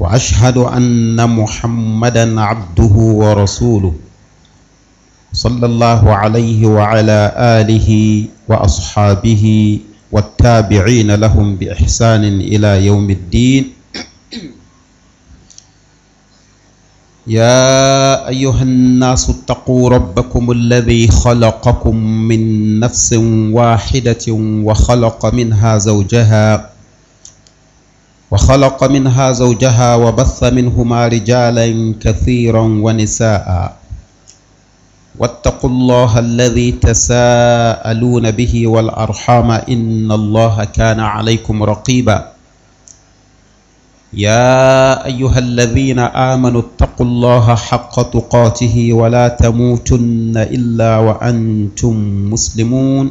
واشهد ان محمدا عبده ورسوله صلى الله عليه وعلى اله واصحابه والتابعين لهم باحسان الى يوم الدين يا ايها الناس اتقوا ربكم الذي خلقكم من نفس واحده وخلق منها زوجها وخلق منها زوجها وبث منهما رجالا كثيرا ونساء واتقوا الله الذي تساءلون به والارحام ان الله كان عليكم رقيبا يا ايها الذين امنوا اتقوا الله حق تقاته ولا تموتن الا وانتم مسلمون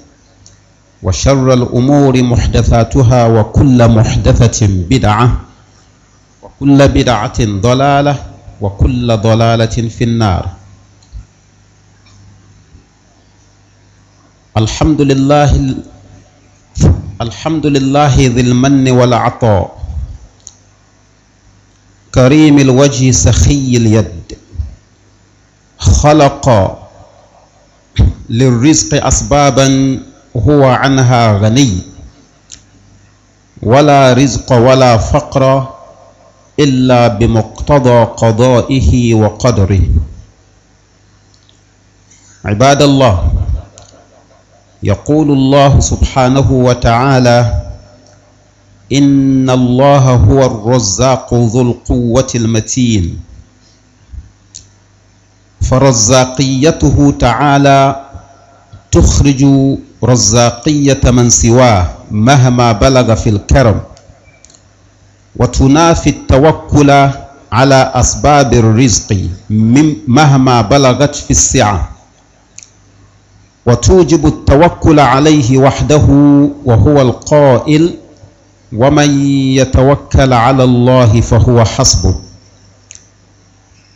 وشر الأمور محدثاتها وكل محدثة بدعة وكل بدعة ضلالة وكل ضلالة في النار الحمد لله الحمد لله ذي المن والعطاء كريم الوجه سخي اليد خلق للرزق أسبابا هو عنها غني ولا رزق ولا فقر إلا بمقتضى قضائه وقدره عباد الله يقول الله سبحانه وتعالى إن الله هو الرزاق ذو القوة المتين فرزاقيته تعالى تخرج رزاقية من سواه مهما بلغ في الكرم وتنافي التوكل على أسباب الرزق مهما بلغت في السعة وتوجب التوكل عليه وحده وهو القائل ومن يتوكل على الله فهو حسبه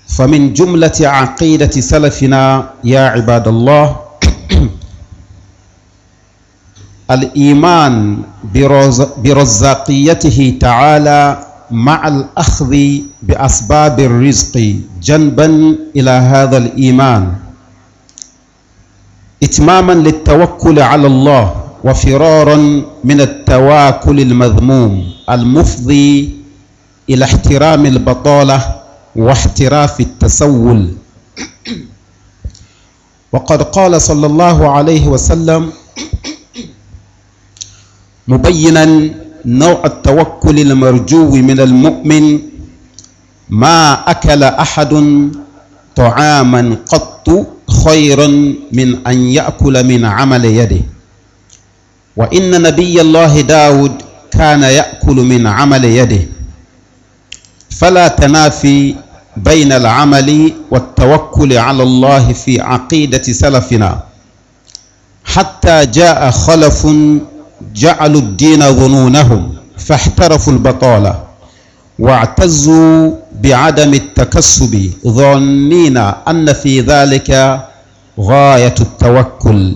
فمن جملة عقيدة سلفنا يا عباد الله الإيمان برزاقيته تعالى مع الأخذ بأسباب الرزق جنبا إلى هذا الإيمان إتماما للتوكل على الله وفرارا من التواكل المذموم المفضي إلى احترام البطالة واحتراف التسول وقد قال صلى الله عليه وسلم مبينا نوع التوكل المرجو من المؤمن ما أكل أحد طعاما قط خيرا من أن يأكل من عمل يده وإن نبي الله داود كان يأكل من عمل يده فلا تنافي بين العمل والتوكل على الله في عقيدة سلفنا حتى جاء خلف جعلوا الدين ظنونهم فاحترفوا البطالة واعتزوا بعدم التكسب ظانين أن في ذلك غاية التوكل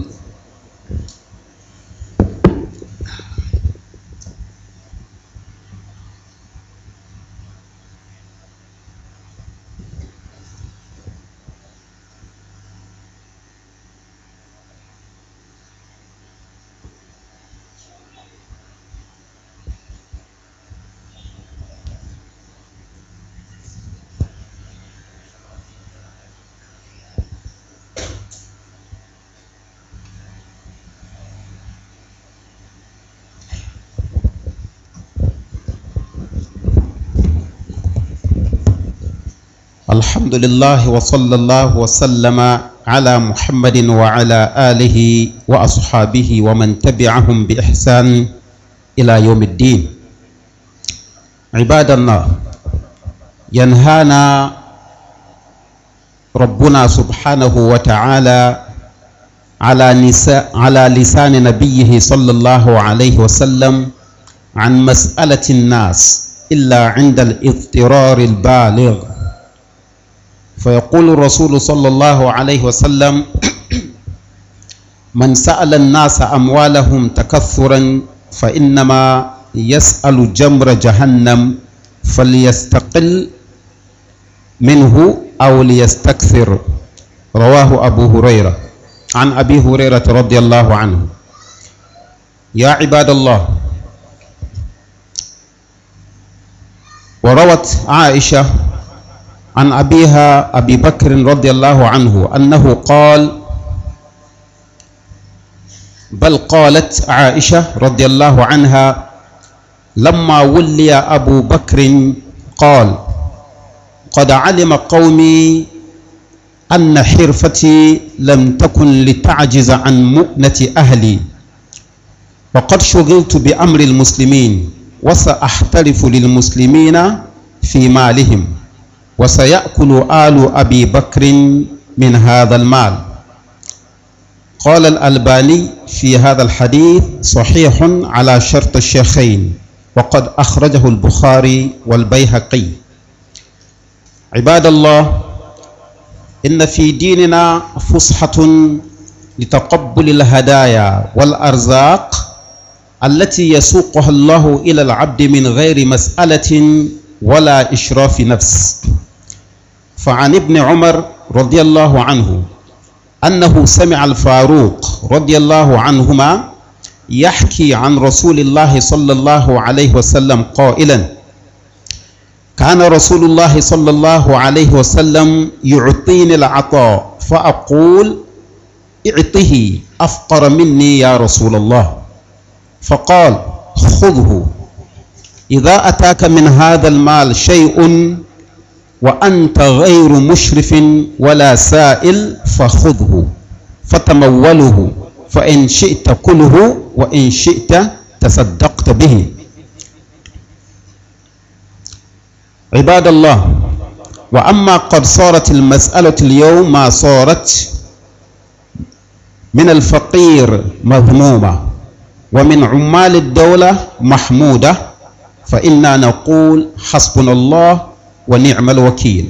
الحمد لله وصلى الله وسلم على محمد وعلى آله وأصحابه ومن تبعهم بإحسان إلى يوم الدين عباد الله ينهانا ربنا سبحانه وتعالى على, نساء على لسان نبيه صلى الله عليه وسلم عن مسألة الناس إلا عند الاضطرار البالغ فيقول الرسول صلى الله عليه وسلم من سأل الناس أموالهم تكثرا فإنما يسأل جمر جهنم فليستقل منه أو ليستكثر رواه أبو هريرة عن أبي هريرة رضي الله عنه يا عباد الله وروت عائشة عن أبيها أبي بكر رضي الله عنه أنه قال بل قالت عائشة رضي الله عنها لما ولي أبو بكر قال قد علم قومي أن حرفتي لم تكن لتعجز عن مؤنة أهلي وقد شغلت بأمر المسلمين وسأحترف للمسلمين في مالهم وسيأكل آل أبي بكر من هذا المال قال الألباني في هذا الحديث صحيح على شرط الشيخين وقد أخرجه البخاري والبيهقي عباد الله إن في ديننا فسحة لتقبل الهدايا والأرزاق التي يسوقها الله إلى العبد من غير مسألة ولا إشراف نفس فعن ابن عمر رضي الله عنه أنه سمع الفاروق رضي الله عنهما يحكي عن رسول الله صلى الله عليه وسلم قائلا كان رسول الله صلى الله عليه وسلم يعطيني العطاء فأقول اعطه أفقر مني يا رسول الله فقال خذه إذا أتاك من هذا المال شيء وأنت غير مشرف ولا سائل فخذه فتموله فإن شئت كله وإن شئت تصدقت به عباد الله وأما قد صارت المسألة اليوم ما صارت من الفقير مذمومة ومن عمال الدولة محمودة فإنا نقول حسبنا الله wa ni'mal wakil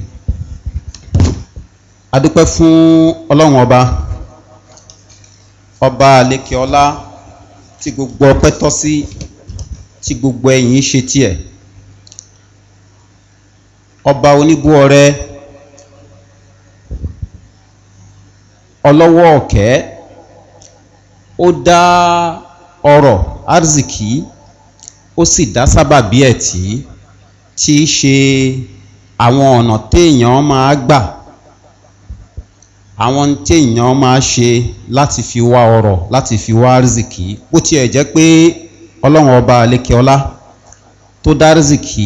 adúpẹ́ fún ọlọ́run ọba ọba àlekè ọlá tí gbogbo ọpẹ́ tọ́ sí tí gbogbo ẹ̀yìn ṣe tiẹ̀ ọba oníbú ọrẹ ó dá ọrọ̀ arzikì ó sì dá sábàbí ẹ̀ tí í ṣe àwọn ọ̀nà téèyàn máa gbà àwọn téèyàn máa ṣe láti fi wá ọrọ̀ láti fi wá rìzìkì bó tiẹ̀ jẹ́ pé ọlọ́run ọba alekeọlá tó dá rìzìkì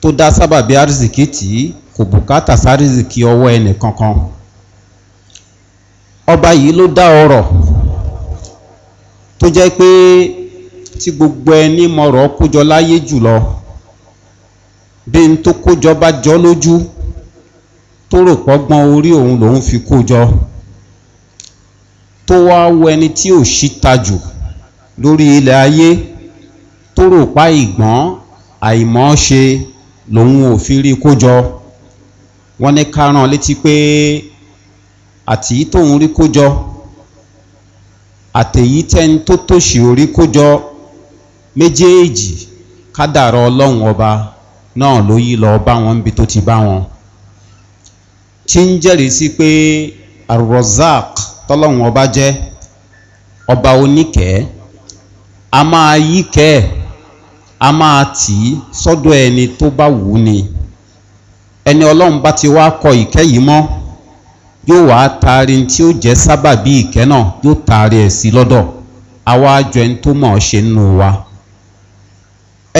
tó dá sábàbí àrìzìkì tì í kò bùkátà sárìzìkì ọwọ́ ẹnì kankan ọba yìí ló dá ọrọ̀ tó jẹ́ pé tí gbogbo ẹni mọ̀rọ̀ kójọ láyé jùlọ bí n tó kójọ bá jọ lójú tó rò pọ́gbọ́n orí òun lòun fi kójọ tó wá wọ ẹni tí ò síta jù lórí ilẹ̀ ayé tó rò pa ìgbọ́n àìmọ́ ṣe lòun ò fi rí kójọ wọ́n ní kárán létí pé àtìyí tóun rí kójọ àtẹ̀yí tẹ́ni tó tòṣì orí kójọ méjèèjì kádàrọ̀ ọlọ́run ọba náà ló yí lọ bá wọn níbi tó ti bá wọn tí ń jẹ́rìí sí pé arozak tọ́lọ́hún ọba jẹ́ ọba oníkẹ́ a máa yí kẹ́ ẹ̀ a máa tì í sọ́dọ̀ ẹni tó bá wù ú ni ẹni ọlọ́run bá ti wá kọ ìkẹ́ yìí mọ́ yóò wá taari tí ó jẹ́ saba ìkẹ́ náà yóò taari ẹ̀ sí lọ́dọ̀ àwa jọ ẹni tó mọ̀ ọ́ ṣe nínú wa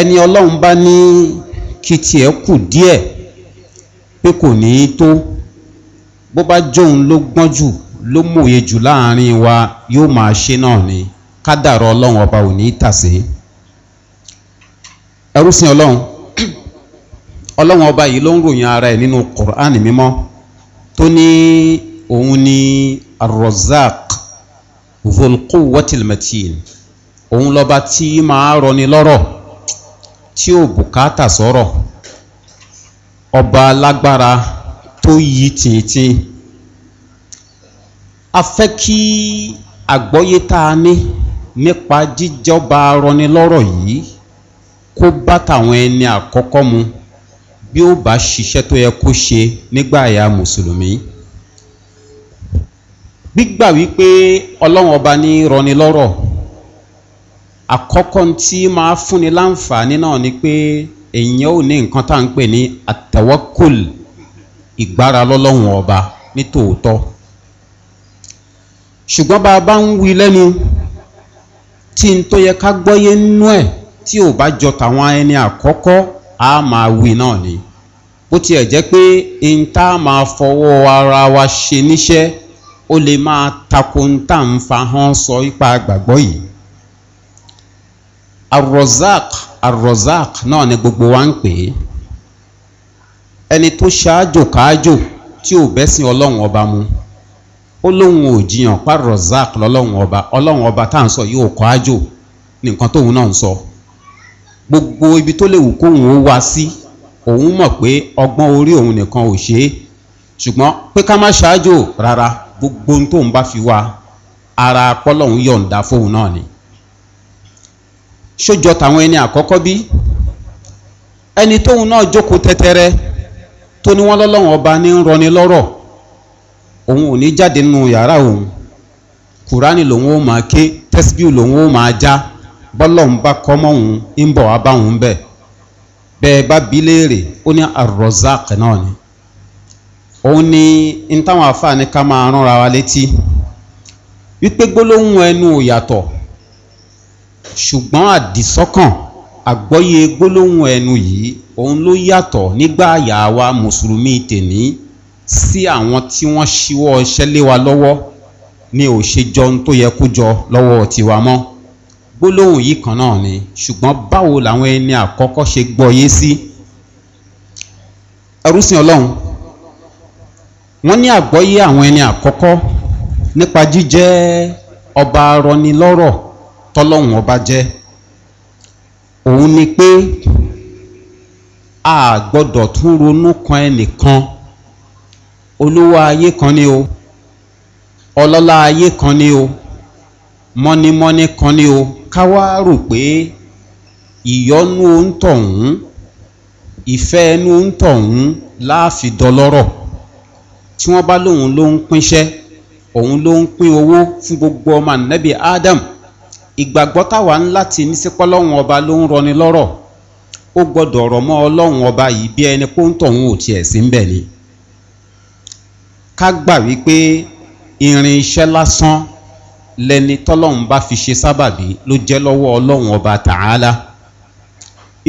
ẹni ọlọ́run bá ní. Ni kí tiẹ̀ kù díẹ̀ pé kò ní í tó bó bá jóun ló gbọ́n jù ló mòye jù láàrin wa yóò máa ṣe náà ni kádàrọ ọlọ́run ọba ò ní í tàsé ẹrú sin ọlọ́run ọlọ́run ọba yìí ló ń ròyìn ara ẹ̀ nínú kùránì mímọ́ tó ní òun ni rozak volkowatilmatin òun lọ́ba tí máa rọni lọ́rọ̀ tí ò bùkátà sọ́rọ̀ ọba alágbára tó yí tìǹtìǹ a fẹ́ kí àgbọ́yé tá a ní nípa jíjọba arọnilọ́rọ̀ yìí kó bá tàwọn ẹni àkọ́kọ́ mu bí ó bá ṣiṣẹ́ tó yẹ kó ṣe nígbà àyà mùsùlùmí gbígbà wípé ọlọ́run ọba ní rọnilọ́rọ̀ àkọ́kọ́ tí máa fúnni láǹfààní náà ni pé èèyàn ò ní nǹkan tá à ń pè ní àtẹ̀wọ́kùl ìgbára lọ́lọ́run ọba nítòótọ́ ṣùgbọ́n bá a bá ń wí lẹ́nu tí n tó yẹ ká gbọ́yé nínú ẹ̀ tí ò bá jọ tàwọn ẹni àkọ́kọ́ a máa wí náà ni bó tiẹ̀ jẹ́ pé n tá a máa fọwọ́ ara wa ṣe níṣẹ́ ó lè máa takò n tá à ń fa hàn sọ ipa àgbàgbọ́ yìí arrozak arrozak náà ni gbogbo wa ń pè é ẹni tó ṣáájò káájò tí ò bẹ́sìn ọlọ́run ọba mu ó lóun ò jiyàn pa arrozak lọ́lọ́run ọba ọlọ́run ọba tá à ń sọ yóò kọ́ ájò ní nǹkan tóun náà ń sọ gbogbo ibi tó lè wù kóun ó wá sí òun mọ̀ pé ọgbọ́n orí òun nìkan ò ṣe é ṣùgbọ́n pé ká má ṣáájò rárá gbogbo ohun tóun bá fi wá ara pọ́lọ́hún yọ̀ǹda fóun náà ni sójọ tàwọn ẹni àkọ́kọ́ bí ẹni tóun náà jókòó tẹ́tẹ́rẹ́ tó ní wọ́n lọ́lọ́wọ́n ọba ní ń rọni lọ́rọ̀ òun ò ní jáde nínú yàrá òun kùránì lòun ó máa ké tẹ́síbíù lòun ó máa já bọ́lọ́hún bá kọ́ mọ́ òun ń bọ̀ wá bá òun bẹ̀ bẹ́ẹ̀ bá bí léèrè ó ní arozak náà ni òun ni n táwọn afáàní ká máa ránra wa létí wípé gbólóhùn ẹnu ò yàtọ̀ ṣùgbọ́n àdìsọ́kàn àgbọ́yé gbólóhùn ẹnu yìí òun ló yàtọ̀ nígbà àyà wa mùsùlùmí tèmí sí àwọn tí wọ́n ṣíwọ́ iṣẹ́ lé wa lọ́wọ́ ní òṣèjọ tó yẹ kó jọ lọ́wọ́ tiwa mọ́ gbólóhùn yìí kan náà ni ṣùgbọ́n báwo làwọn ẹni àkọ́kọ́ ṣe gbọ́yé sí ẹrúsìn ọlọ́run wọ́n ní àgbọ́yé àwọn ẹni àkọ́kọ́ nípa jíjẹ́ ọba arọnilọ́rọ̀ tọ́lọ́hún ọba jẹ́ òun ni pé a gbọ́dọ̀ tún ronú kan ẹnìkan olówó ayé kan ni o ọlọ́lá ayé kan ni o mọ́nímọ́ní kan ni o ká wá rò pé ìyọnú òǹtọ̀hún ìfẹ́ ẹnu òǹtọ̀hún láàfidọ́lọ́rọ̀ tí wọ́n bá lóun ló ń pínṣẹ́ òun ló ń pín owó fún gbogbo ọmọ ànábì adam ìgbàgbọ́ táwa ń láti ní sí pọ́lọ́hún ọba ló ń rọni lọ́rọ̀ ó gbọ́dọ̀ rọ̀ mọ́ ọlọ́hún ọba yìí bí ẹni pé ó ń tọ̀hún ò tiẹ̀ sí ń bẹ̀ ni ká gbà wípé irin iṣẹ́ lásán lẹni tọ́lọ́hún bá fi ṣe sábàbí ló jẹ́ lọ́wọ́ ọlọ́hún ọba tààlà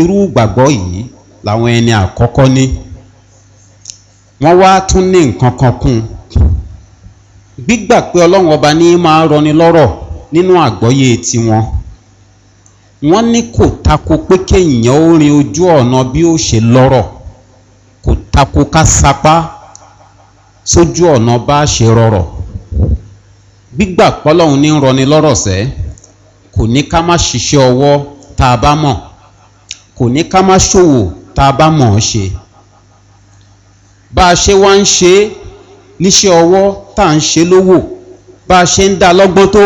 irú gbàgbọ́ yìí làwọn ẹni àkọ́kọ́ ní wọ́n wá tún ní nǹkan kan kún gbígbà pé ọlọ́hún ọba ní máa rọni lọ́rọ̀ nínú àgbọ́yé tiwọn wọ́n ní kò tako pé kéèyàn ó rin ojú ọ̀nà bí ó ṣe lọ́rọ̀ kò tako ká sapá sójú ọ̀nà bá ṣe rọrọ̀ gbígbà pọ́lọ́hún ní rọni lọ́rọ̀ sẹ́ kò ní ká má ṣiṣẹ́ ọwọ́ tá a bá mọ̀ kò ní ká má ṣòwò tá a bá mọ̀ ọ́ ṣe bá a ṣe wá ń ṣe níṣẹ́ ọwọ́ tá à ń ṣe lówó bá a ṣe ń dá lọ́gbọ́n tó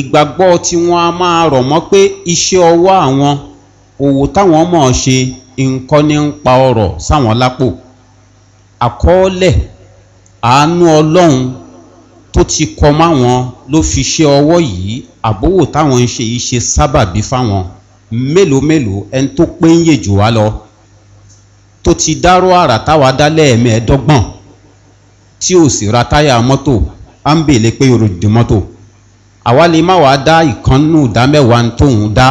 ìgbàgbọ́ tiwọn a máa rọ̀ mọ́ pé iṣẹ́ ọwọ́ àwọn òwò táwọn mọ̀ ọ́ ṣe nǹkan ní ń pa ọ̀rọ̀ sáwọn lápò àkọọ́lẹ̀ àánú ọlọ́run tó ti kọ máwọn ló fi ṣe ọwọ́ yìí àbówò táwọn ń ṣe yìí ṣe sábàbí fáwọn mélòó mélòó ẹni tó pé ń yèjò wá lọ tó ti dárò àrà táwa dá lẹ́ẹ̀mẹ́ẹ̀ẹ́dọ́gbọ̀n tí ò sì ra táyà mọ́tò á ń bèlè pé yorùdì mọ́tò àwa lè má wàá dá ìkànnù ìdámẹ́wàá ń tóun dá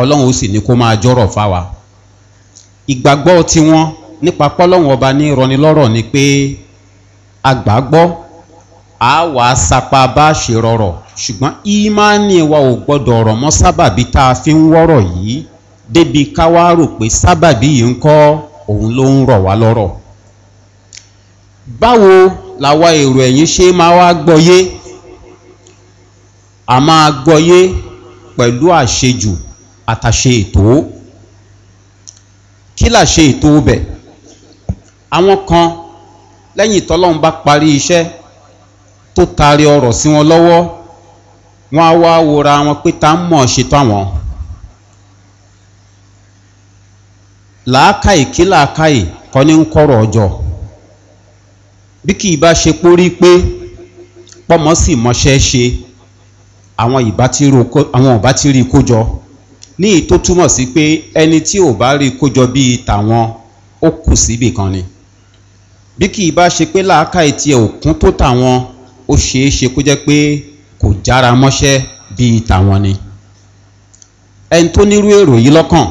ọlọ́run ó sì ní kó máa jọ́rọ̀ fáwa ìgbàgbọ́ tiwọn nípa pọ́lọ́hún ọba ní ìrọ̀nilọ́rọ̀ ni pé àgbàgbọ́ a wàá sapa bá ṣe rọrọ̀ ṣùgbọ́n ìmánì wa ò gbọ́dọ̀ ọ̀rọ̀ mọ́ sábàbí tá a fi ń wọ́rọ̀ yìí débi ká wá rò pé sábàbí yìí ń kọ́ òun ló ń rọ̀ wá lọ́rọ̀ báwo làwa èrò ẹ̀yìn ṣe máa wá gbọ́yé a máa gbọ́yé pẹ̀lú àṣejù àtàṣe ètò kí làṣe ètò bẹ̀ àwọn kan lẹ́yìn tọ́lọ́run bá parí iṣẹ́ tó taari ọ̀rọ̀ sí wọn lọ́wọ́ wọn á wá wora wọn pé ta ń mọ̀ ṣètò àwọn làákàyè kí làákàyè kọ́ ní ń kọ́rọ̀ ọjọ́ bí kì í bá ṣe pórí pé pọ́mọ́ sì mọṣẹ́ ṣe. Pori, àwọn ìbá ti rí kójọ ní ìtó túmọ̀ sí pé ẹni tí ò bá rí kójọ bíi tàwọn ó kù síbì kan ni bí kì í bá ṣe pé làákàyè tí ẹ òkun tó tàwọn ó ṣeé ṣe kó jẹ́ pé kò jára mọ́ṣẹ́ bíi tàwọn ni ẹni tó nírú èrò yìí lọ́kàn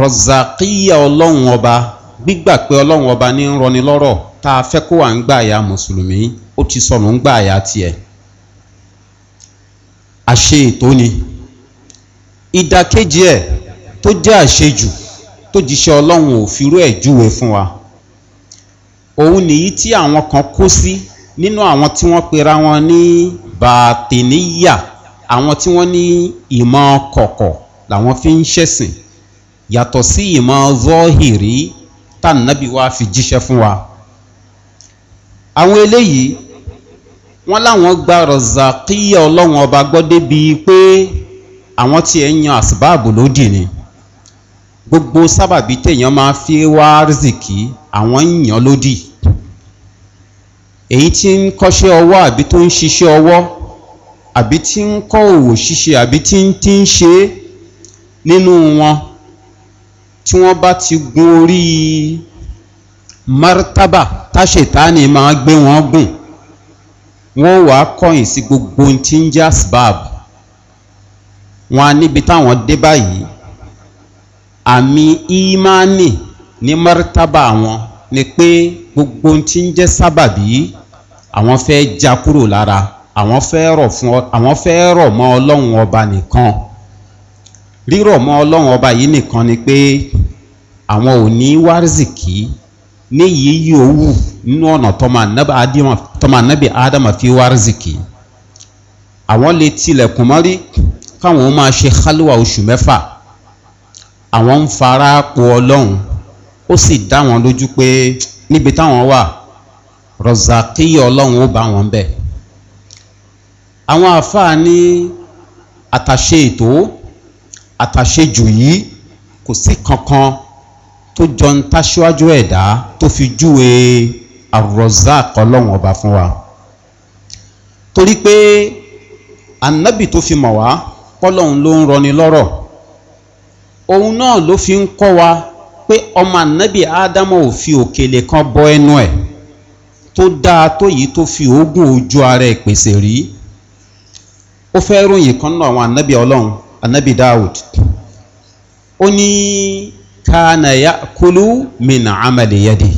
rọ̀zàkíyà ọlọ́run ọba gbígbà pé ọlọ́run ọba ní ń rọni lọ́rọ̀ tá a fẹ́ kó wà ń gbà àyà mùsùlùmí ó ti sọnù ń gbà àyà tiẹ̀ àṣe ètò ni ìdàkejì ẹ̀ tó jẹ́ àṣejù tó jíṣẹ́ ọlọ́run ò firú ẹ̀ júwe fún wa òun nìyí tí àwọn kan kó sí nínú àwọn tí wọ́n pera wọn ní bàtẹ́níyà àwọn tí wọ́n ní ìmọ̀ kọ̀kọ̀ làwọn fi ń ṣẹ̀sìn yàtọ̀ sí ìmọ̀ zọ́hìrí tànàbí wa fi jíṣẹ́ fún wa àwọn eléyìí wọ́n láwọn gba rọ̀zàkíyà ọlọ́wọ́n ọba gbọ́ débi pé àwọn tí ẹ̀ ń yan àsìbáàbò lódì ni gbogbo sábàbí téèyàn máa fi wá rìsìkì àwọn ń yan lódì èyí tí ń kọ́ṣẹ́ ọwọ́ àbí tó ń ṣiṣẹ́ ọwọ́ àbí tí ń kọ́ òwò ṣíṣe àbí tí ń tí ń ṣe nínú wọn tí wọ́n bá ti gun orí martaba táṣetá ni máa gbé wọn gùn wọ́n wà á kọ̀yìn sí gbogbo tí ń jẹ́ asbab wọn á níbi táwọn dé báyìí àmì ìmánì ní mọ́rítàbà wọn ni pé gbogbo tí ń jẹ́ sábàbí àwọn fẹ́ já kúrò lára àwọn fẹ́ rọ̀ fún àwọn fẹ́ rọ̀ mọ́ ọlọ́run ọba nìkan rírọ̀ mọ́ ọlọ́run ọba yìí nìkan ni pé àwọn ò ní wárìsìkì ní yíyí owó nínú ọ̀nà tó máa nábàá àtọmọ anabi adama fi wá rìzìkì àwọn lè tilẹ̀kùn mọ́rí káwọn ó máa ṣe hálùwà oṣù mẹ́fà àwọn ń fara po ọlọ́run ó sì dá wọn lójú pé níbi táwọn wà rọ̀zàkíyà ọlọ́run ó bá wọn bẹ̀ àwọn àfáà ní àtàṣe ètò àtàṣe jù yìí kò sí kankan tó jọ ń táṣíwájú ẹ̀dá tó fi júwe. E Ar-Razzaq ọlọ́run ọba fún wa torí pé ànábì tó fi mọ̀ wá pọ́lọ́run ló ń rọni lọ́rọ̀ òun náà ló fi ń kọ́ wa pé ọmọ ànábì ádámọ̀ ò fi òkèlè kan bọ ẹnu ẹ̀ tó dáa tó yìí tó fi òógùn ojú ara ẹ̀ pèsè rí ó fẹ́ ròyìn kan náà àwọn ànábì ọlọ́run ànábì Dawud ó ní kánayà kúlú mìnà amaliyadi.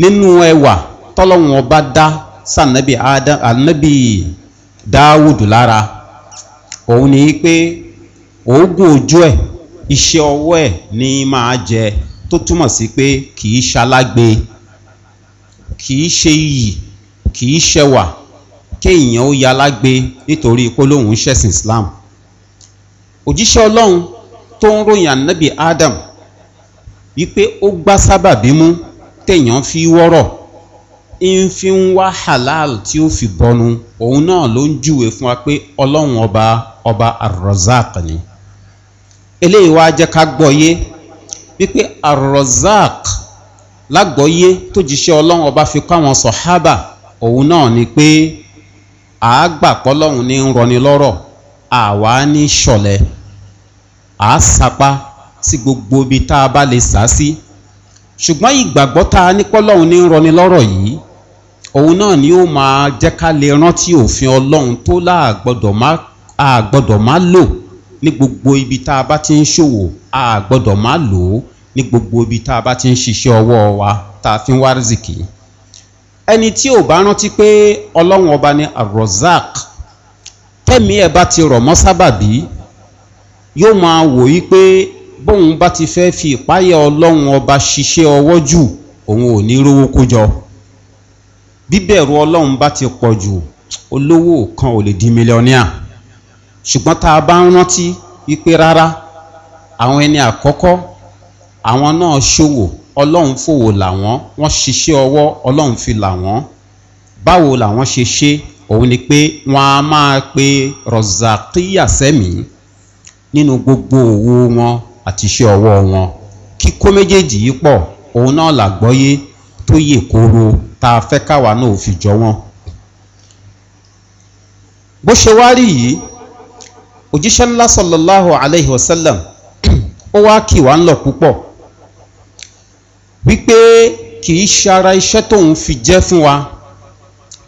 nínú ẹwà tọ́lọ́wọ́n ọba dá sànàbì ànàbì dáwùdù lára òun ni pé òógùn ojú ẹ̀ iṣẹ́ ọwọ́ ẹ̀ ní máa jẹ tó túmọ̀ sí pé kì ṣalágbe kì ṣe iyì kì ṣẹwà kéèyàn ó yalágbe nítorí pé ṣẹ̀sìn islam òjíṣẹ́ ọlọ́run tó ń ròyìn ànábì adam wípé ó gbá sábàbí mú téèyàn fi wọ́rọ̀ ń fi ń wá halal tí ó fi bọnu òun náà ló ń júwe fún wa pé ọlọ́run ọba ọba arrozak ni eléyìí wá jẹ́ ká gbọ́yé wípé arrozak lágbọ́yé tó jíṣẹ́ ọlọ́run ọba fi kọ́ àwọn sọ̀hábà òun náà ni pé àágbàpọ̀ lọ́run ní ń rọni lọ́rọ̀ àwa ní ṣọ̀lẹ̀ àá sapá sí gbogbo ibi tá a bá lè sá sí. Si ṣùgbọ́n ìgbàgbọ́ tá a ní pọ́lọ́hún ní rọni lọ́rọ̀ yìí òun náà ni ó máa jẹ́ ká lè rántí òfin ọlọ́run tó láàgbọ́dọ̀ má àgbọ́dọ̀ má lò ní gbogbo ibi tá a bá ti ń ṣòwò àgbọ́dọ̀ má lò ó ní gbogbo ibi tá a bá ti ń ṣiṣẹ́ ọwọ́ wa tá a fi ń wá rìzìkì ẹni tí ò bá rántí pé ọlọ́run ọba ni arozak tẹ́mi ẹ̀ bá ti rọ̀ mọ́ sábàbí yóò máa wò yí pé bóun bá ti fẹ́ fi ìpáyà ọlọ́run ọba ṣiṣẹ́ ọwọ́ jù òun ò ní rówó kójọ bíbẹ̀rù ọlọ́run bá ti pọ̀ jù olówó kan ò lè di mílíọ̀nìà ṣùgbọ́n tá a bá ń rántí wípé rárá àwọn ẹni àkọ́kọ́ àwọn náà ṣòwò ọlọ́run fòwò làwọn wọ́n ṣiṣẹ́ ọwọ́ ọlọ́run fi làwọn báwo làwọn ṣe ṣe òun ni pé wọ́n á máa pe rọ̀zàkíyà sẹ́mi nínú gbogbo òwò wọn àti iṣẹ́ ọwọ́ wọn kíkó méjèèjì yìí pọ̀ òun náà làgbọ́yé tó yè kóró tá a fẹ́ káwa náà fi jọ wọ́n bó ṣe wá rí yìí òjíṣẹ́ ńlá sọ̀lọ́láhùn aláìhí wasallam ó wá kì wá ń lọ púpọ̀ wípé kì í ṣara iṣẹ́ tóun fi jẹ́ fún wa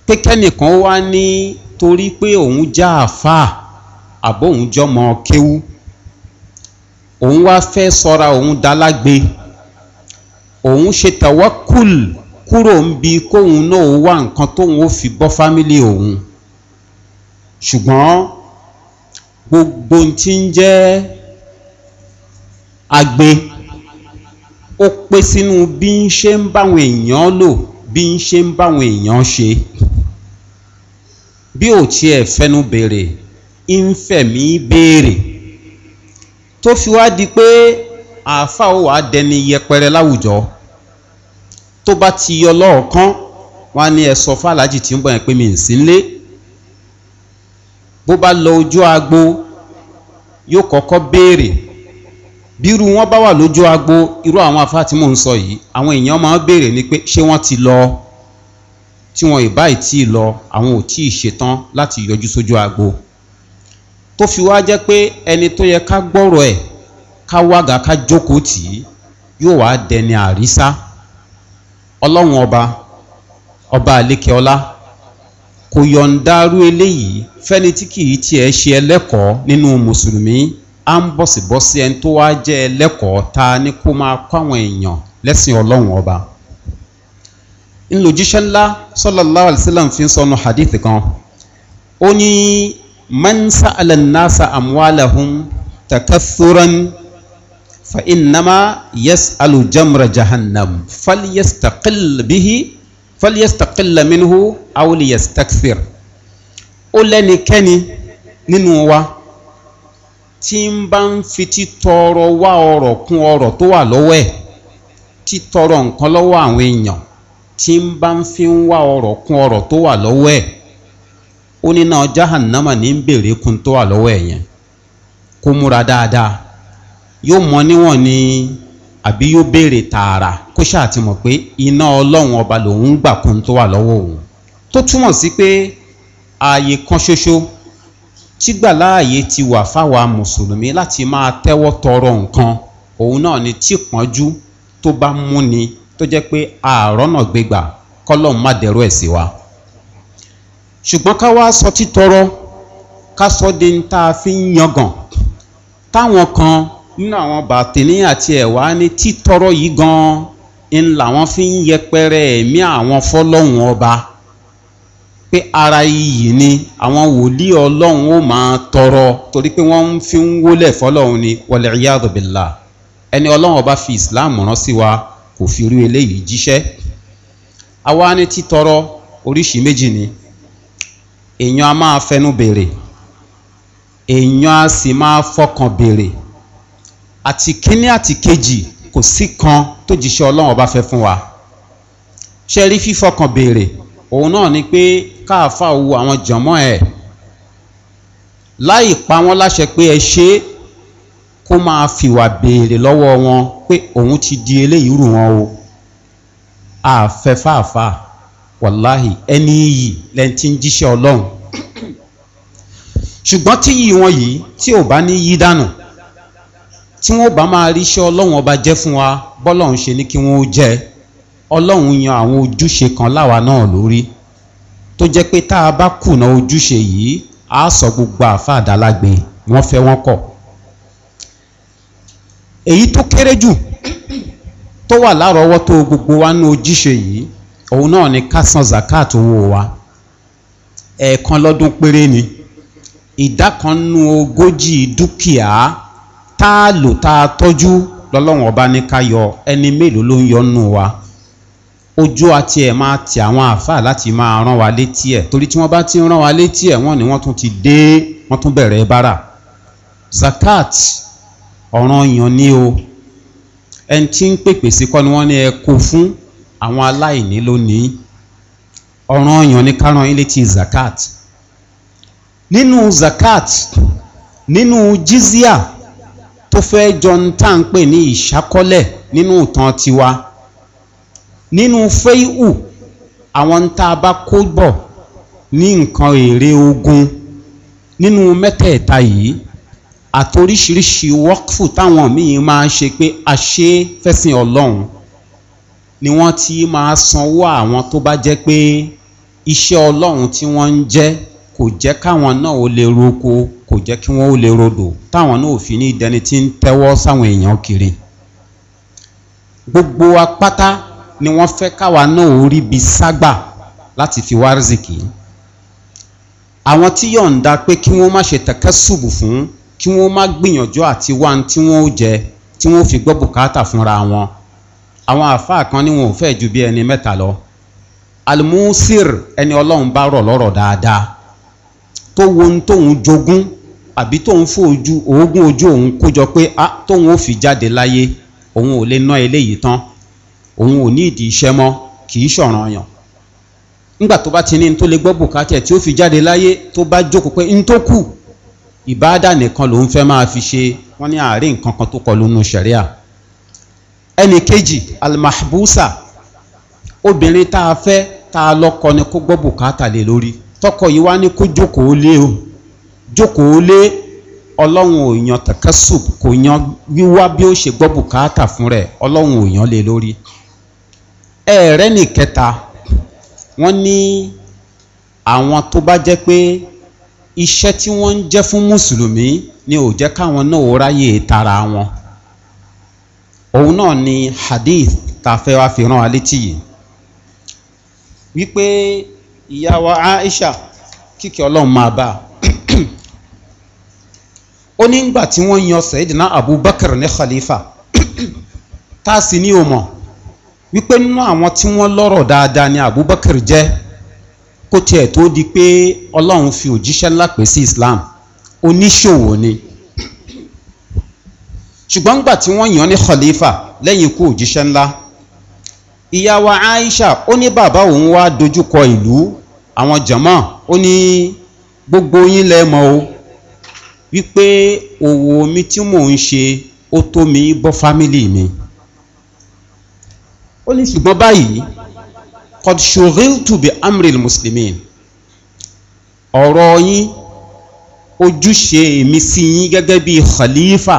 pé kẹ́nìkan wá ní torí pé òun já àáfàá àbóhùn jọmọ kéwú òun wá fẹ́ sọ́ra òun dalágbe òun ṣe tàwọ́ kúl kúrò ń bi kóun náà wá nǹkan tóun ó fi gbọ́ fámílì òun ṣùgbọ́n gbogbo tí ń jẹ́ agbe ó pé sínú bí ń ṣe ń báwọn èèyàn lò bí ń ṣe ń báwọn èèyàn ṣe bí ò tiẹ̀ fẹnu bèrè ń fẹ̀mí béèrè tó fi wá di pé àáfà ó wàá dẹni yẹpẹrẹ láwùjọ tó bá ti yọ lọ́ọ̀kan wọn á ní ẹ sọ fàlájì tí ń bọ̀ yẹn pé mi ì sí nílé bó bá lọ ojú agbo yóò kọ́kọ́ béèrè bírú wọn bá wà lójú agbo irú àwọn afá tí mò ń sọ yìí àwọn èèyàn máa ń béèrè ni pé ṣé wọ́n ti lọ tí wọn ì báyìí tí ì lọ àwọn ò tí ì ṣetán láti yọjú sójú agbo. So kó fi wá jẹ́ pé ẹni tó yẹ ká gbọ́rọ̀ ẹ̀ ká wága ká jókòó tì í yóò wá dẹni àrísá ọlọ́run ọba ọba àlékeọlá kò yọ̀ǹdarú eléyìí fẹ́ni tí kìí tiẹ̀ ṣe ẹlẹ́kọ̀ọ́ nínú mùsùlùmí á ń bọ̀sibọ́sí ẹni tó wá jẹ́ ẹlẹ́kọ̀ọ́ ta ni kó máa kó àwọn èèyàn lẹ́sìn ọlọ́run ọba ńlòjíṣẹ́ ńlá sọ́lá aláwàlísílẹ̀ fi ń sọnu hadith kan ó ní man sa'ala nasa amwalahum takathuran fa innama yas'alu jamra jahannam falyastaqil bihi falyastaqil minhu aw liyastakthir ó lẹ́nikẹ́ni nínú wa tí ń bá ń fi títọrọ wá ọrọ̀ kún ọrọ̀ tó wà lọ́wọ́ ẹ̀ títọrọ nǹkan lọ́wọ́ àwọn èèyàn tí ń bá ń fi ń wá ọrọ̀ kún ọrọ̀ tó wà lọ́wọ́ ẹ̀ ó ní náà jahannama ní bèrè kun tó wà lọ́wọ́ ẹ̀ yẹn kó múra dáadáa yóò mọ níwọ̀n ni àbí yóò béèrè tààrà kó ṣáà ti mọ̀ pé iná ọlọ́run ọba lòun gbà kun tó wà lọ́wọ́ òun tó túmọ̀ sí pé ààyè kan ṣoṣo tígbàláàyè ti wà fáwa mùsùlùmí láti máa tẹ́wọ́ tọrọ nǹkan òun náà ni tí pọ́njú tó bá múni tó jẹ́ pé àárọ̀ náà gbégbà kọ́lọ́ọ̀ má dẹ̀rọ ẹ̀ sí wa ṣùgbọ́n ká wá sọ títọrọ ká sọ de ń tá a fi ń yangàn táwọn kan nínú àwọn bàtìní àti ẹ̀wá ní títọrọ yìí gan-an ń làwọn fi ń yẹpẹrẹ ẹ̀mí àwọn fọlọ́hún ọba pé ara iyì ni àwọn wòlíì ọlọ́run ó máa tọrọ torí pé wọ́n fi ń wólẹ̀ fọlọ́hún ni wọlé yàdùbìlà ẹni ọlọ́run ọba fi islam rán sí wa kò fi irú eléyìí jíṣẹ́ àwa ní títọrọ oríṣìí méjì ni èèyàn a máa fẹnu béèrè èèyàn a sì máa fọkàn béèrè àti kíní àti kejì kò sí kan tó jíṣẹ́ ọlọ́run ọba fẹ́ fún wa ṣe rí fífọkàn béèrè òun náà ni pé káàfà wu àwọn jọ̀mọ́ ẹ̀ láì pa wọ́n láṣẹ pé ẹ ṣe kó máa fìwà béèrè lọ́wọ́ wọn pé òun ti di eléyìí rù wọn o àfẹ́fàáfàá wàláhì ẹni yìí lẹ́ni tí ń jíṣẹ́ ọlọ́run ṣùgbọ́n tí yìí wọn yìí tí ò bá ní yí dànù tí wọ́n bá máa rí iṣẹ́ ọlọ́run ọba jẹ́ fún wa bọ́lọ́run ṣe ní kí wọ́n jẹ́ ọlọ́run yan àwọn ojúṣe kan láwa náà lórí tó jẹ́ pé tá a bá kùnà ojúṣe yìí á sọ gbogbo àfa àdálágbé wọ́n fẹ́ wọ́n kọ̀ èyí tó kéré jù tó wà lárọ̀ọ́wọ́tó gbogbo wa nú ojúṣe yìí òun náà ni ká san zakat owó wa ẹ̀ẹ̀kan lọ́dún péré ni ìdá kan nú ogójì dúkìá tá a lò tá a tọ́jú lọ́lọ́wọ́n ọba ní ká yọ ẹni mélòó ló ń yọ nù wa ojú àti ẹ̀ máa ti àwọn àáfàá láti máa rán wa létí ẹ̀ torí tí wọ́n bá ti rán wa létí ẹ̀ wọ́n ni wọ́n tún ti dé wọ́n tún bẹ̀rẹ̀ bára zakat ọ̀ràn yàn ni o ẹni tí ń pèpè sí kọ́ ni wọ́n ní ẹ kó fún àwọn aláìní lónìí ọ̀ràn ọ̀yàn ní kárán ilé ti zakat nínú zakat nínú jizia tó fẹ́ jọ ń tà ń pè ní ìṣàkọ́lẹ̀ nínú ìtàn tiwa nínú fẹ́ihù àwọn ń tá a bá kó bọ̀ ní nǹkan èrè ogun nínú mẹ́tẹ̀ẹ̀ta yìí àtoríṣiríṣi wọ́kfù táwọn míì máa ń ṣe pé a ṣe fẹ́sìn ọlọ́run ni wọ́n ti máa sanwó àwọn tó bá jẹ́ pé iṣẹ́ ọlọ́run tí wọ́n ń jẹ́ kò jẹ́ káwọn náà ó lè roko kò jẹ́ kí wọ́n ó lè rodò táwọn náà ò fi ní ìdẹni tí ń tẹ́wọ́ sáwọn èèyàn kiri gbogbo apáta ni wọ́n fẹ́ káwa náà ó rí bi ságbà láti fi wá rìsìkì àwọn tí yọ̀ǹda pé kí wọ́n má ṣe tẹ̀kẹ́ ṣùbù fún kí wọ́n má gbìyànjú àti wá tí wọ́n ó jẹ tí wọ́n ó fi gbọ́ bùkátà fúnra wọn àwọn àfáà kan ní wọn ò fẹ́ ju bí ẹni mẹ́ta lọ almusir ẹni ọlọ́run bá rọ̀ lọ́rọ̀ dáadáa tó wo ohun tóun jogún àbí tóun fojú oògùn ojú òun kójọ pé a ah, tóun ó fi jáde láyé òun ò lè ná eléyìí tán òun ò ní ìdí iṣẹ́ mọ́ kì í ṣọ̀ràn yàn nígbà tó bá ti ní tó lè gbọ́ bùkátẹ̀ tí ó fi jáde láyé tó bá jókòó pé n tó kù ìbáàdà nìkan lòun fẹ́ máa fi ṣe wọ́n ní àárín nǹkan kan tó kọ lónú sẹ̀ríà ẹnì kejì alimahbusa obìnrin tá a fẹ́ tá a lọ́kọ ni kó gbọ́ bùkátà lé lórí tọkọ yìí wá ní kó jókòó lé o jókòó lé ọlọ́run ò yan takasub kò yan wíwá bí ó ṣe gbọ́ bùkátà fún rẹ̀ ọlọ́run ò yan lé lórí ẹ̀ẹ́rẹ́ ní kẹta wọ́n ní àwọn tó bá jẹ́ pé iṣẹ́ tí wọ́n ń jẹ́ fún mùsùlùmí ni ò jẹ́ káwọn náà ráyè tara wọn òun náà ni hadith ta fẹ́ wá fi rán wa létí yìí wípé ìyá wa aisha kíkẹ́ ọlọ́run máa bá ó ní ngbà tí wọ́n yan sẹ́yìdìnà abubakar ní khalifa tá a sì ní o mọ̀ wípé nínú àwọn tí wọ́n lọ́rọ̀ dáadáa ni abubakar jẹ́ kó tiẹ̀ tó di pé ọlọ́run fi òjíṣẹ́ ńlá pè sí islam oníṣòwò ni ṣùgbọ́n gbà tí wọ́n yàn ní khalifa lẹ́yìn ikú òjíṣẹ́ ńlá ìyàwó aisha ó ní bàbá òun wá dojúkọ ìlú àwọn jọmọ ó ní gbogbo yín lẹ́mọ o wípé òwò mi tí mò ń ṣe ó tó mi bọ́ fámìlì mi ó ní ṣùgbọ́n báyìí kod shogil to be amril muslimin ọ̀rọ̀ yín ojúṣe èmi sí yín gẹ́gẹ́ bí khalifa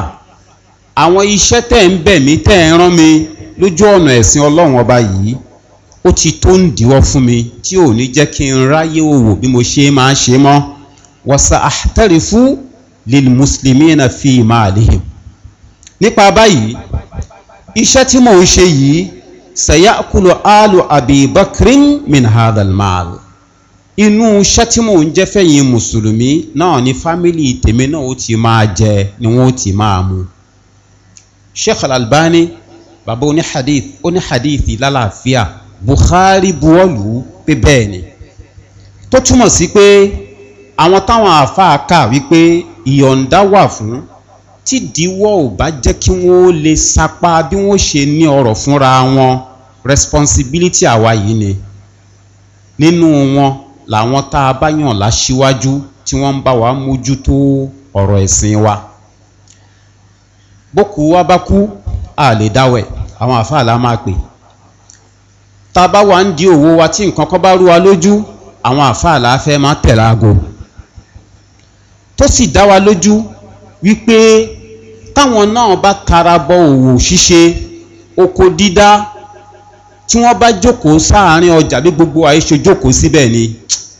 àwọn iṣẹ́ tẹ̀ ń bẹ̀ mí tẹ̀ ń rán mi lójú ọ̀nà ẹ̀sìn ọlọ́run ọba yìí ó ti tó ń dìwọ́ fún mi tí ò ní jẹ́ kí n ráyè òwò bí mo ṣe máa ṣe mọ́ wọ́sà àtẹ̀rí fún lil mùsùlùmí náà fi máa léhìn nípa báyìí iṣẹ́ tí mò ń ṣe yìí sẹ̀yà kúlò áàlù min hadalmal inú iṣẹ́ tí mò ń jẹ́ fẹ̀yìn mùsùlùmí náà ni fámìlì tèmi náà ó ti máa jẹ ni wọ́n ó ti máa mu sheikh al-albani bàbá oní hadith oní hadith lálàáfíà buhari buwọ́lù pé bẹ́ẹ̀ ni tó túmọ̀ sí pé àwọn táwọn àáfàá kà wípé ìyọ̀ǹda wà fún tídìíwọ́ ò bá jẹ́ kí wọ́n lè sapá bí wọ́n ṣe ní ọ̀rọ̀ fúnra wọn responsibility àwa yìí ni nínú wọn làwọn tá a bá yàn láṣíwájú tí wọ́n ń bá wa mójútó ọ̀rọ̀ ẹ̀sìn wa bókù wá bá kú a lè dáwẹ̀ àwọn àfáà la máa pè tá a bá wà ń di òwò wa tí nǹkan kan bá rú wa lójú àwọn àfáà la fẹ́ máa tẹ̀ láago tó sì dá wa lójú wípé táwọn náà bá tara bọ òwò ṣíṣe oko dídá tí wọ́n bá jókòó sáàárín ọjà bí gbogbo àìṣe jókòó síbẹ̀ ni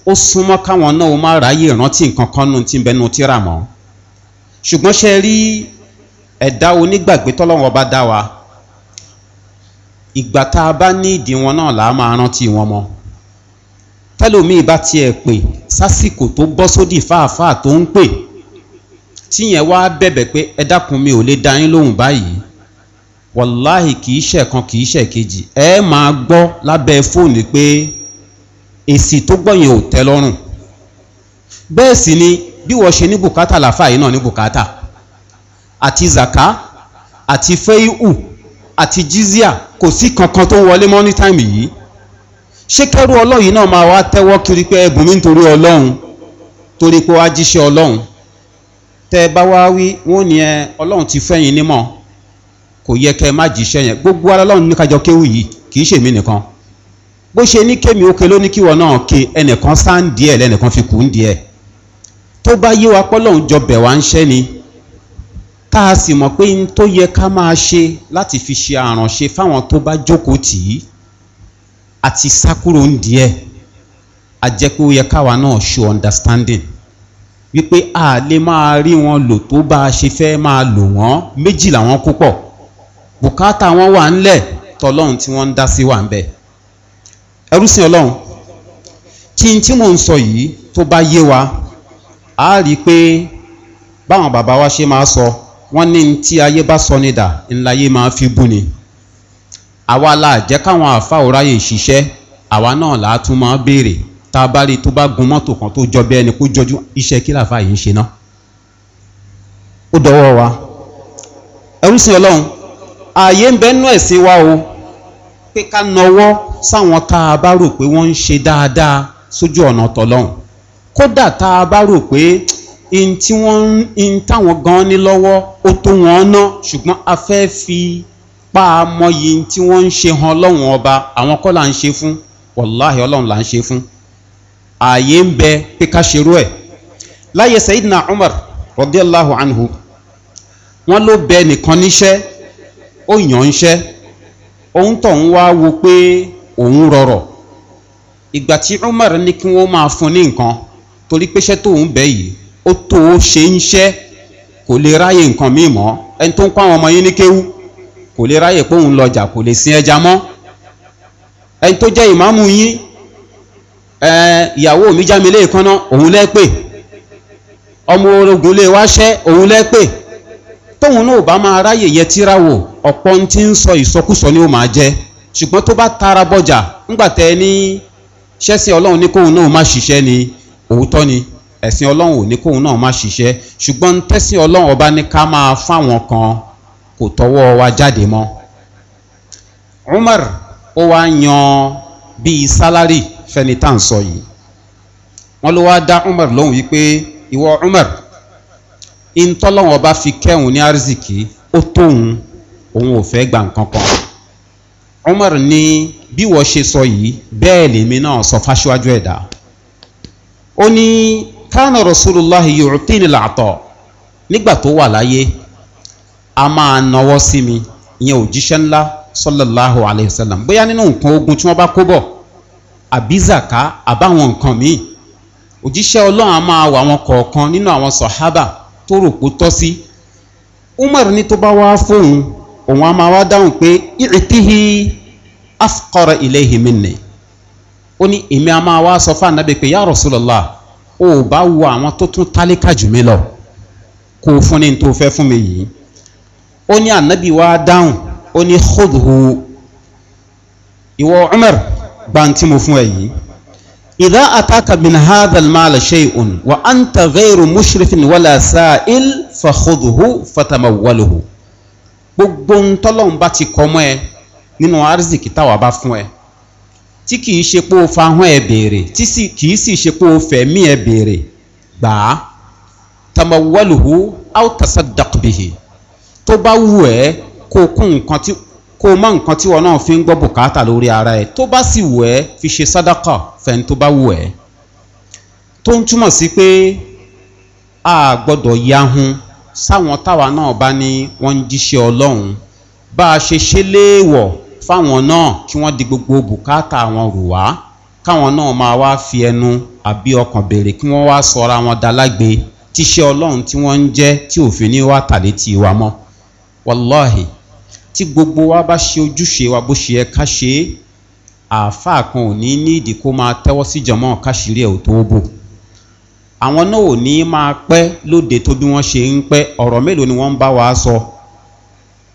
ó súnmọ́ káwọn náà ó má ráyè rántí nǹkan kan nù tí ń bẹnu tíra mọ́ ṣùgbọ́n ṣe rí ẹ̀dá onígbàgbé tọ́lọ́wọ́n bá dá wa ìgbà tá a bá ní ìdí wọn náà là á máa rántí wọn mọ tẹlómi bá tiẹ̀ pè sásìkò tó bọ́ sódì fáàfáà tó ń pè tíyẹn wá bẹ̀bẹ̀ pé ẹ dákun mi ò lè da yín lóhùn báyìí wàláhì kì í ṣẹ̀kan kì í ṣẹ̀kejì ẹ máa gbọ́ lábẹ́ fóònù pé èsì tó gbọ̀yìn ò tẹ́ lọ́rùn bẹ́ẹ̀ sì ni bí wọ́n ṣe ní bùkátà làfáà yìí náà ní bùkátà àti zaka àti fẹ́ihù àti jizia kò sí kankan tó wọlé mọ́ ní táìmì yìí ṣé kẹ́rù ọlọ́yìn náà máa wá tẹ́wọ́ kiri pé ẹbùn mi nítorí ọlọ́run torí pé wá jíṣẹ́ ọlọ́run tẹ́ ẹ bá wá wí wọ́n ní ẹ ọlọ́run ti fẹ́yìn nímọ̀ kò yẹ kẹ́ ẹ má jíṣẹ́ yẹn gbogbo ara ọlọ́run ní kájọ kéwù yìí kì í ṣèmi nìkan bó ṣe ní kémi òkè ló kíwọ náà ke ẹnìkan sáà ń díẹ̀ lẹ́nìkan fi kù ń díẹ̀ tó bá yé pọ́lọ́run jọ bẹ̀ wá ń ṣẹ́ ni tá a sì mọ̀ pé n tó yẹ ká máa ṣe láti fi ṣe àrànṣe fáwọn tó bá jókòó tì í àti sákúrò ń díẹ̀ a jẹ́ pé ó yẹ káwa náà ṣe understanding wípé a lè máa rí wọn lò tó bá a ṣe fẹ́ máa lò wọ́n méjì làwọn kó pọ̀ bùkátà wọn wà ńlẹ̀ tọlọ́run tí wọ́n ń dá sí wà ń bẹ̀ ẹrú sin ọlọ́run kí n tí mò ń sọ yìí tó bá yé wa a rí i pé báwọn bàbá wa ṣe máa sọ. So wọ́n ní tí ayé bá sọ ní dà ńláyé máa fi bú ni àwa la jẹ́ káwọn àfa òráyè ṣiṣẹ́ àwa náà là á tún máa béèrè tá a bá rí tó bá gun mọ́tò kan tó jọ bẹ́ẹ̀ ni kó jọjú iṣẹ́ kí làfa yìí ń ṣe náà ó dọwọ́ wa ẹrú sí ọlọ́run ààyè ń bẹ́ẹ̀ nú ẹ̀sìn wa o pé ká nọwọ́ sáwọn tá a bá rò pé wọ́n ń ṣe dáadáa sójú ọ̀nà tọ̀lọ́hún kódà tá a bá rò pé in tí wọ́n in táwọn gan ní lọ́wọ́ ó tó wọn ná ṣùgbọ́n a fẹ́ fi pa amọ̀yì tí wọ́n ń ṣe han ọlọ́run ọba àwọn kọ́ là ń ṣe fún wàláhì ọlọ́run là ń ṣe fún ààyè ń bẹ pé ká ṣerú ẹ̀ láyé sayidina umar rọdíàláhu anhu wọn ló bẹ nìkan níṣẹ́ ó yàn ń ṣẹ́ òun tó ń wá wo pé òun rọrọ̀ ìgbà tí umar ní kí wọn máa fún ní nǹkan torí pé iṣẹ́ tóun bẹ yìí ó tó o ṣe ń ṣẹ́ kò lè ráyè nǹkan míì mọ́ ẹni tó ń kọ́ àwọn ọmọ yín ní kéwú kò lè ráyè pé òun lọjà kò lè sin ẹja mọ́ ẹni tó jẹ́ ìmáàmù yín ìyàwó mi já mi lé òun lẹ́pẹ̀ ọmọ orogun lè wáṣẹ́ ti tara ńgbà tẹ ní ṣẹ́sìn ọlọ́run ní kóun náà má ni ẹ̀sìn ọlọ́run ò ní kóun náà má ṣiṣẹ́ ṣùgbọ́n tẹ́sìn ọlọ́run ọba ní ká máa fáwọn kan kò tọwọ́ wa jáde mọ́ umar ó wá yan bíi sálárì fẹni tá à ń sọ yìí wọn ló wá dá umar lóhùn wípé ìwọ umar ìntọ́lọ́wọ́n ọba fi kẹ́hùn ní arzikì ó tóun òun ò fẹ́ gbà nǹkan kan umar ní bí wọ́n ṣe sọ yìí bẹ́ẹ̀ lèmi náà sọ fáṣíwájú ẹ̀dá ó ní kánà rasulillah yorùbá làtọ̀ nígbà tó wà láyé a máa nawọ́ sí mi ìyẹn nla ńlá sọlọ́láhu alayhi salam bóyá nínú nǹkan ogun tí wọ́n bá kó bọ̀ àbí ojise àbáwọn nǹkan míì awọn ọlọ́run a máa wà wọn kọ̀ọ̀kan nínú àwọn tó rò tọ́ umar ní tó bá wá fóun òun a máa wá dáhùn pé ìrètíhi afkọrọ ilé ó ní èmi a máa o ò bá wo àwọn tó tún tálíkà jù mí lọ kó o fún ní tó fẹ́ fún mi yìí ó ní ànábì wá dáhùn ó ní hódùhù ìwọ umar gba tí mo fún ẹ yìí ìdá àtàkà bin hadal maala shay'un wa anta ghayru mushrifin wala sa'il fa hódùhù fatamawaluhu gbogbo ntọ́lọ́hún bá ti kọ́ mọ́ ẹ nínú arzikì táwa bá fún ẹ tí kìí ṣe pé o fahọ́n ẹ béèrè tí kìí sì ṣe pé o fẹ̀mí ẹ béèrè gbà á tamawaluhu aw tasadakbihi tó bá wù ẹ kó o kún nǹkan tí kó o mọ nǹkan tí wọn náà fi ń gbọ́ bùkátà lórí ara ẹ tó bá sì wù ẹ fi ṣe sádàkà fẹ́ni tó bá wù ẹ tó ń túmọ̀ sí pé a gbọ́dọ̀ yahun sáwọn táwa náà bá ní wọ́n ń jíṣẹ́ ọlọ́run bá a ṣe ṣe léèwọ̀ fáwọn náà kí wọ́n di gbogbo bùkátà wọn rò wá káwọn náà máa wá fi ẹnu àbí ọkàn béèrè kí wọ́n wá sọra wọn dalágbe tíṣẹ́ ọlọ́run tí wọ́n ń jẹ́ tí òfin ní wá tàlé tí wa mọ́ wàláhì tí gbogbo wa bá ṣe ojúṣe wa bó ṣe yẹ ká ṣe é àáfàá kan ò ní ní ìdí kó máa tẹ́wọ́ sí jọmọ́ káṣírí ẹ̀ ò tó bò àwọn náà ò ní máa pẹ́ lóde tó bí wọ́n ṣe ń pẹ́ ọ̀rọ̀ mélòó ni wọ́n ń bá wa sọ so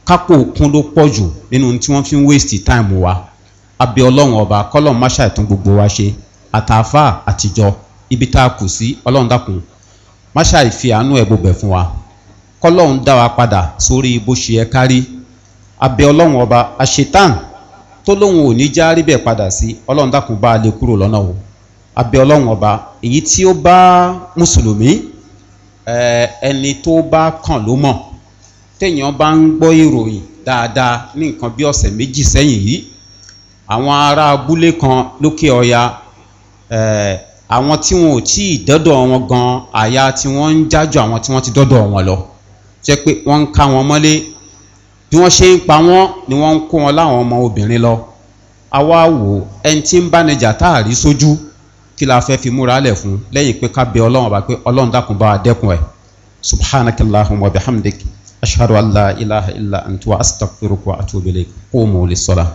kápò òkun ló pọ̀ jù nínú tí wọ́n fi ń waste time wa abẹ́ ọlọ́run ọba kọ́lọ̀ máṣà ìtún gbogbo wa ṣe àtàfà àtijọ́ ibi tá a kù sí ọlọ́run dàkún máṣà ìfi àánú ẹ̀ gbogbo ẹ̀ fún wa kọ́lọ́run dá wa padà sórí bó ṣe ẹ kárí abẹ́ ọlọ́run ọba àṣetán tó lóun ò ní já rí bẹ́ẹ̀ padà sí ọlọ́run dàkún bá a lè kúrò lọ́nà o abẹ́ ọlọ́run ọba èyí tí ó bá mùsùlùmí ẹni tó bá kàn ló mọ̀ téèyàn bá ń gbọ́ ìròyìn dáadáa ní nǹkan bí ọ̀sẹ̀ méjì sẹ́yìn yìí àwọn ará abúlé kan lókè ọya eh, àwọn tí wọn ò tí ì dọ́dọ̀ wọn gan àyà tí wọ́n ń jájọ àwọn tí wọ́n ti dọ́dọ̀ wọn lọ jẹ́ pé wọ́n ń ká wọn mọ́lé bí wọ́n ṣe ń pa wọ́n ni wọ́n ń kó wọn láwọn ọmọ obìnrin lọ àwa wò ẹni tí ń bánijà tá a rí sójú kí la fẹ́ fi múra lẹ̀ fún lẹ́yìn pé ká bẹ ọlọ́run bá pé ọlọ́run dákun bá a dẹ́kun ẹ̀ subhanakilahumma bihamdiki. أشهد أن لا إله إلا أنت وأستغفرك وأتوب إليك قوموا للصلاة